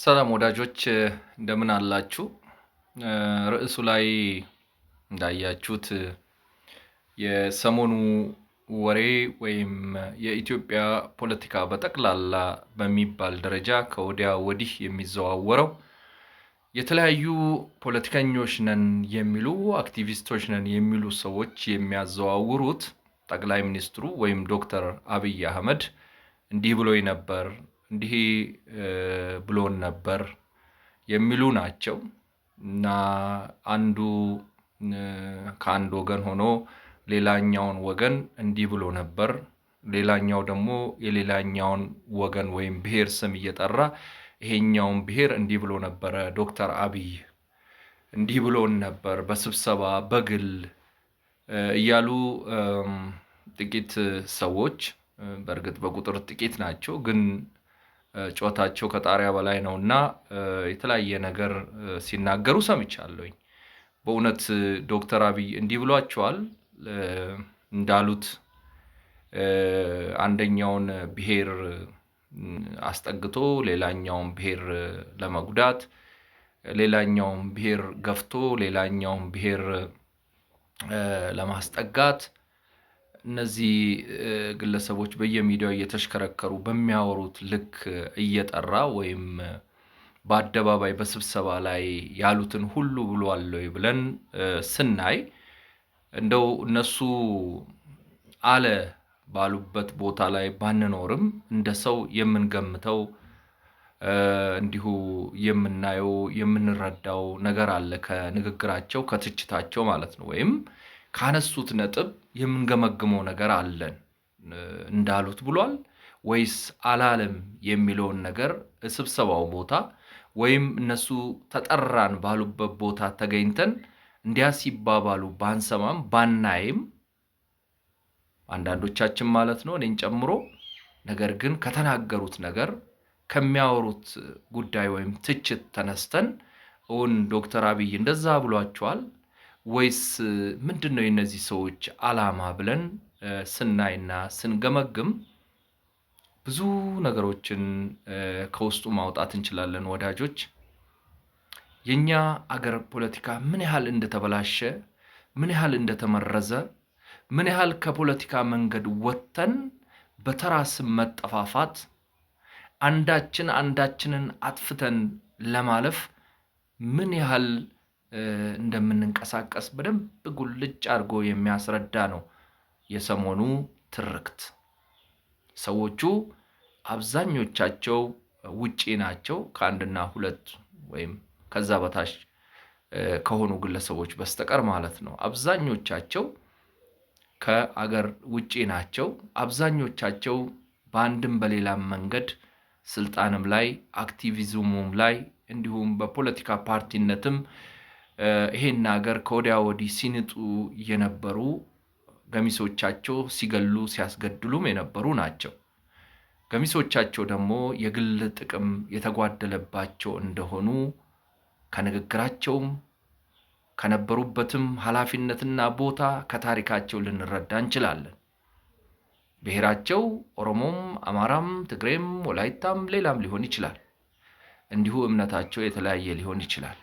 ሰላም ወዳጆች እንደምን አላችሁ? ርዕሱ ላይ እንዳያችሁት የሰሞኑ ወሬ ወይም የኢትዮጵያ ፖለቲካ በጠቅላላ በሚባል ደረጃ ከወዲያ ወዲህ የሚዘዋወረው የተለያዩ ፖለቲከኞች ነን የሚሉ አክቲቪስቶች ነን የሚሉ ሰዎች የሚያዘዋውሩት ጠቅላይ ሚኒስትሩ ወይም ዶክተር አብይ አህመድ እንዲህ ብሎ ነበር እንዲህ ብሎን ነበር የሚሉ ናቸው እና አንዱ ከአንድ ወገን ሆኖ ሌላኛውን ወገን እንዲህ ብሎ ነበር፣ ሌላኛው ደግሞ የሌላኛውን ወገን ወይም ብሔር ስም እየጠራ ይሄኛውን ብሔር እንዲህ ብሎ ነበረ፣ ዶክተር አብይ እንዲህ ብሎን ነበር በስብሰባ በግል እያሉ ጥቂት ሰዎች በእርግጥ በቁጥር ጥቂት ናቸው ግን ጮታቸው ከጣሪያ በላይ ነው እና የተለያየ ነገር ሲናገሩ ሰምቻለሁኝ። በእውነት ዶክተር አብይ እንዲህ ብሏቸዋል እንዳሉት አንደኛውን ብሔር አስጠግቶ ሌላኛውን ብሔር ለመጉዳት ሌላኛውን ብሔር ገፍቶ ሌላኛውን ብሔር ለማስጠጋት እነዚህ ግለሰቦች በየሚዲያው እየተሽከረከሩ በሚያወሩት ልክ እየጠራ ወይም በአደባባይ በስብሰባ ላይ ያሉትን ሁሉ ብሏል ወይ ብለን ስናይ እንደው እነሱ አለ ባሉበት ቦታ ላይ ባንኖርም እንደ ሰው የምንገምተው እንዲሁ የምናየው የምንረዳው ነገር አለ ከንግግራቸው ከትችታቸው ማለት ነው ወይም ካነሱት ነጥብ የምንገመግመው ነገር አለን እንዳሉት ብሏል ወይስ አላለም የሚለውን ነገር ስብሰባው ቦታ ወይም እነሱ ተጠራን ባሉበት ቦታ ተገኝተን እንዲያ ሲባባሉ ባንሰማም ባናይም አንዳንዶቻችን ማለት ነው እኔን ጨምሮ ነገር ግን ከተናገሩት ነገር ከሚያወሩት ጉዳይ ወይም ትችት ተነስተን እውን ዶክተር አብይ እንደዛ ብሏቸዋል ወይስ ምንድን ነው የነዚህ ሰዎች አላማ ብለን ስናይና ስንገመግም ብዙ ነገሮችን ከውስጡ ማውጣት እንችላለን። ወዳጆች የእኛ አገር ፖለቲካ ምን ያህል እንደተበላሸ፣ ምን ያህል እንደተመረዘ፣ ምን ያህል ከፖለቲካ መንገድ ወጥተን በተራ መጠፋፋት አንዳችን አንዳችንን አጥፍተን ለማለፍ ምን ያህል እንደምንንቀሳቀስ በደንብ ጉልጭ አድርጎ የሚያስረዳ ነው የሰሞኑ ትርክት። ሰዎቹ አብዛኞቻቸው ውጪ ናቸው ከአንድና ሁለት ወይም ከዛ በታች ከሆኑ ግለሰቦች በስተቀር ማለት ነው። አብዛኞቻቸው ከአገር ውጪ ናቸው። አብዛኞቻቸው በአንድም በሌላም መንገድ ስልጣንም ላይ አክቲቪዝሙም ላይ እንዲሁም በፖለቲካ ፓርቲነትም ይሄን ሀገር ከወዲያ ወዲህ ሲንጡ የነበሩ ገሚሶቻቸው ሲገሉ ሲያስገድሉም የነበሩ ናቸው። ገሚሶቻቸው ደግሞ የግል ጥቅም የተጓደለባቸው እንደሆኑ ከንግግራቸውም ከነበሩበትም ኃላፊነትና ቦታ ከታሪካቸው ልንረዳ እንችላለን። ብሔራቸው ኦሮሞም፣ አማራም፣ ትግሬም፣ ወላይታም ሌላም ሊሆን ይችላል። እንዲሁ እምነታቸው የተለያየ ሊሆን ይችላል።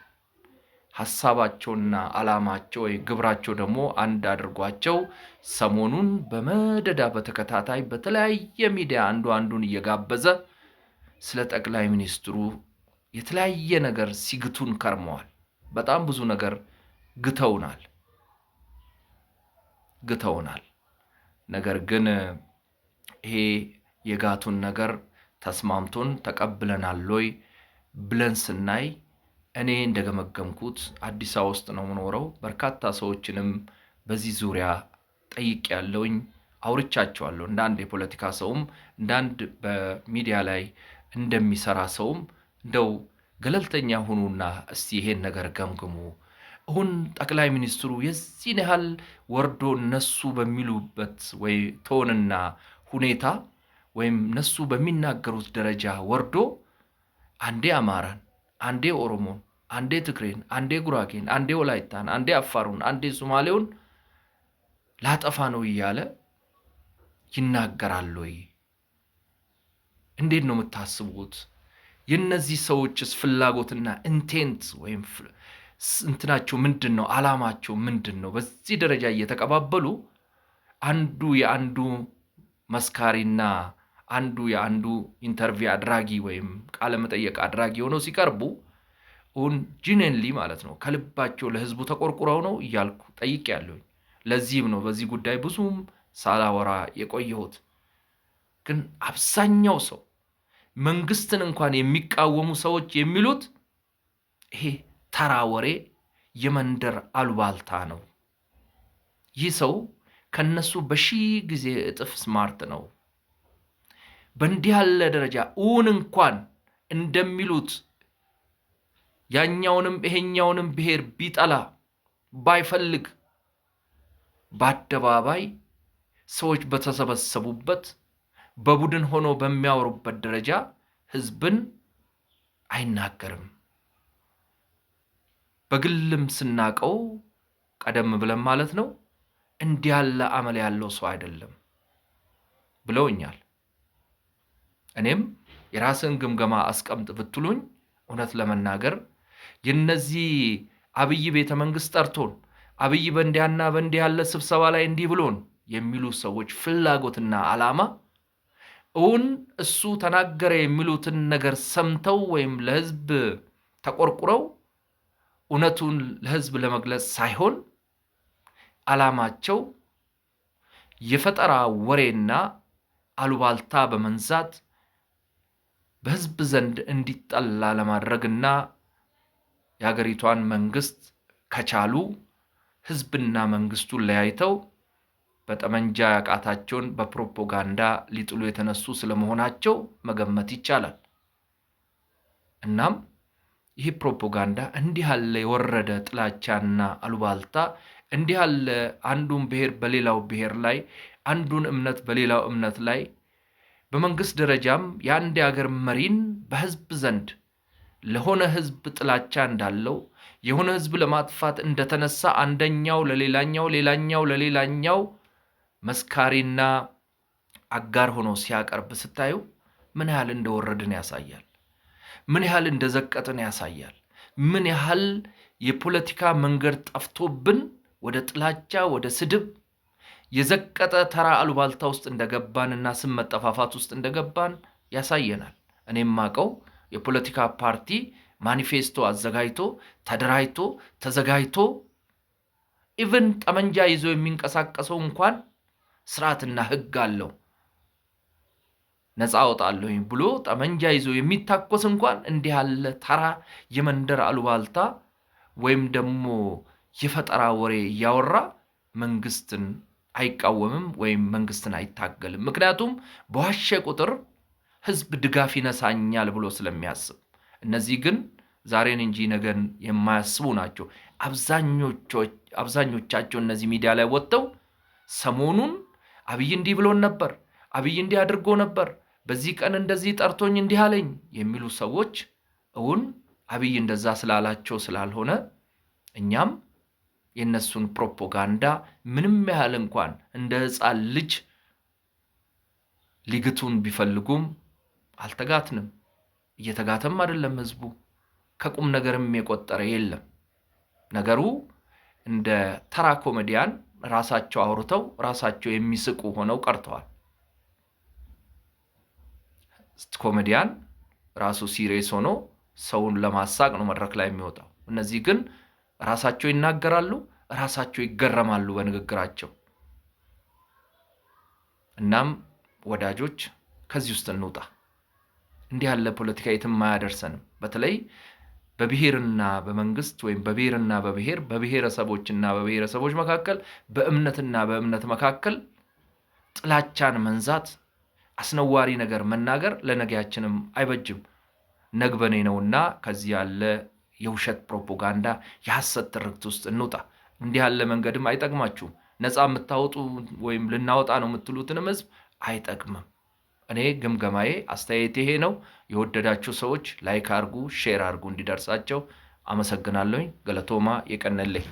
ሀሳባቸውና አላማቸው ወይ ግብራቸው ደግሞ አንድ አድርጓቸው ሰሞኑን በመደዳ በተከታታይ በተለያየ ሚዲያ አንዱ አንዱን እየጋበዘ ስለ ጠቅላይ ሚኒስትሩ የተለያየ ነገር ሲግቱን ከርመዋል። በጣም ብዙ ነገር ግተውናል ግተውናል። ነገር ግን ይሄ የጋቱን ነገር ተስማምቶን ተቀብለናል ወይ ብለን ስናይ እኔ እንደገመገምኩት አዲስ አበባ ውስጥ ነው የምኖረው። በርካታ ሰዎችንም በዚህ ዙሪያ ጠይቅ ያለውኝ አውርቻቸዋለሁ። እንደ አንድ የፖለቲካ ሰውም እንደ አንድ በሚዲያ ላይ እንደሚሰራ ሰውም እንደው ገለልተኛ ሁኑና እስቲ ይሄን ነገር ገምግሙ። እሁን ጠቅላይ ሚኒስትሩ የዚህን ያህል ወርዶ እነሱ በሚሉበት ወይ ቶንና ሁኔታ ወይም እነሱ በሚናገሩት ደረጃ ወርዶ አንዴ አማራን አንዴ ኦሮሞን፣ አንዴ ትግሬን፣ አንዴ ጉራጌን፣ አንዴ ወላይታን፣ አንዴ አፋሩን፣ አንዴ ሶማሌውን ላጠፋ ነው እያለ ይናገራል ወይ? እንዴት ነው የምታስቡት? የእነዚህ ሰዎችስ ፍላጎትና ኢንቴንት ወይም እንትናቸው ምንድን ነው? አላማቸው ምንድን ነው? በዚህ ደረጃ እየተቀባበሉ አንዱ የአንዱ መስካሪና አንዱ የአንዱ ኢንተርቪው አድራጊ ወይም ቃለመጠየቅ አድራጊ ሆነው ሲቀርቡ እውን ጂኔንሊ ማለት ነው ከልባቸው ለህዝቡ ተቆርቁረው ነው እያልኩ ጠይቄያለሁኝ። ለዚህም ነው በዚህ ጉዳይ ብዙም ሳላወራ የቆየሁት። ግን አብዛኛው ሰው መንግስትን እንኳን የሚቃወሙ ሰዎች የሚሉት ይሄ ተራ ወሬ፣ የመንደር አሉባልታ ነው። ይህ ሰው ከነሱ በሺህ ጊዜ እጥፍ ስማርት ነው። በእንዲህ ያለ ደረጃ እውን እንኳን እንደሚሉት ያኛውንም ይሄኛውንም ብሔር ቢጠላ ባይፈልግ በአደባባይ ሰዎች በተሰበሰቡበት በቡድን ሆኖ በሚያወሩበት ደረጃ ህዝብን አይናገርም። በግልም ስናቀው ቀደም ብለን ማለት ነው እንዲህ ያለ አመል ያለው ሰው አይደለም ብለውኛል። እኔም የራስን ግምገማ አስቀምጥ ብትሉኝ እውነት ለመናገር የነዚህ አብይ ቤተ መንግስት ጠርቶን አብይ በእንዲያና በእንዲህ ያለ ስብሰባ ላይ እንዲህ ብሎን የሚሉ ሰዎች ፍላጎትና ዓላማ እውን እሱ ተናገረ የሚሉትን ነገር ሰምተው ወይም ለህዝብ ተቆርቁረው እውነቱን ለህዝብ ለመግለጽ ሳይሆን ዓላማቸው የፈጠራ ወሬና አሉባልታ በመንዛት በህዝብ ዘንድ እንዲጠላ ለማድረግና የሀገሪቷን መንግስት ከቻሉ ህዝብና መንግስቱን ለያይተው በጠመንጃ ያቃታቸውን በፕሮፓጋንዳ ሊጥሉ የተነሱ ስለመሆናቸው መገመት ይቻላል። እናም ይህ ፕሮፓጋንዳ እንዲህ ያለ የወረደ ጥላቻና አሉባልታ እንዲህ ያለ አንዱን ብሔር በሌላው ብሔር ላይ፣ አንዱን እምነት በሌላው እምነት ላይ በመንግስት ደረጃም የአንድ የሀገር መሪን በህዝብ ዘንድ ለሆነ ህዝብ ጥላቻ እንዳለው የሆነ ህዝብ ለማጥፋት እንደተነሳ አንደኛው ለሌላኛው ሌላኛው ለሌላኛው መስካሪና አጋር ሆኖ ሲያቀርብ ስታዩ ምን ያህል እንደወረድን ያሳያል። ምን ያህል እንደዘቀጥን ያሳያል። ምን ያህል የፖለቲካ መንገድ ጠፍቶብን ወደ ጥላቻ፣ ወደ ስድብ የዘቀጠ ተራ አሉባልታ ውስጥ እንደገባንና ስም መጠፋፋት ውስጥ እንደገባን ያሳየናል። እኔም ማቀው የፖለቲካ ፓርቲ ማኒፌስቶ አዘጋጅቶ ተደራጅቶ ተዘጋጅቶ ኢቨን ጠመንጃ ይዞ የሚንቀሳቀሰው እንኳን ስርዓትና ሕግ አለው። ነፃ አወጣለሁኝ ብሎ ጠመንጃ ይዞ የሚታኮስ እንኳን እንዲህ ያለ ተራ የመንደር አሉባልታ ወይም ደግሞ የፈጠራ ወሬ እያወራ መንግስትን አይቃወምም ወይም መንግስትን አይታገልም። ምክንያቱም በዋሸ ቁጥር ህዝብ ድጋፍ ይነሳኛል ብሎ ስለሚያስብ። እነዚህ ግን ዛሬን እንጂ ነገን የማያስቡ ናቸው። አብዛኞቻቸው እነዚህ ሚዲያ ላይ ወጥተው ሰሞኑን አብይ እንዲህ ብሎን ነበር፣ አብይ እንዲህ አድርጎ ነበር፣ በዚህ ቀን እንደዚህ ጠርቶኝ እንዲህ አለኝ የሚሉ ሰዎች እውን አብይ እንደዛ ስላላቸው ስላልሆነ እኛም የእነሱን ፕሮፓጋንዳ ምንም ያህል እንኳን እንደ ሕፃን ልጅ ሊግቱን ቢፈልጉም አልተጋትንም። እየተጋተም አይደለም ህዝቡ። ከቁም ነገርም የቆጠረ የለም። ነገሩ እንደ ተራ ኮሜዲያን ራሳቸው አውርተው ራሳቸው የሚስቁ ሆነው ቀርተዋል። ኮሜዲያን ራሱ ሲሬስ ሆኖ ሰውን ለማሳቅ ነው መድረክ ላይ የሚወጣው። እነዚህ ግን ራሳቸው ይናገራሉ፣ ራሳቸው ይገረማሉ በንግግራቸው። እናም ወዳጆች ከዚህ ውስጥ እንውጣ። እንዲህ ያለ ፖለቲካ የትም አያደርሰንም። በተለይ በብሔርና በመንግስት ወይም በብሔርና በብሔር በብሔረሰቦችና በብሔረሰቦች መካከል በእምነትና በእምነት መካከል ጥላቻን መንዛት፣ አስነዋሪ ነገር መናገር ለነገያችንም አይበጅም። ነግበኔ ነውና ከዚህ ያለ የውሸት ፕሮፓጋንዳ፣ የሐሰት ትርክት ውስጥ እንውጣ። እንዲህ ያለ መንገድም አይጠቅማችሁም። ነፃ የምታወጡ ወይም ልናወጣ ነው የምትሉትንም ህዝብ አይጠቅምም። እኔ ግምገማዬ፣ አስተያየት ይሄ ነው። የወደዳችሁ ሰዎች ላይክ አርጉ፣ ሼር አርጉ እንዲደርሳቸው። አመሰግናለሁኝ። ገለቶማ የቀነለኝ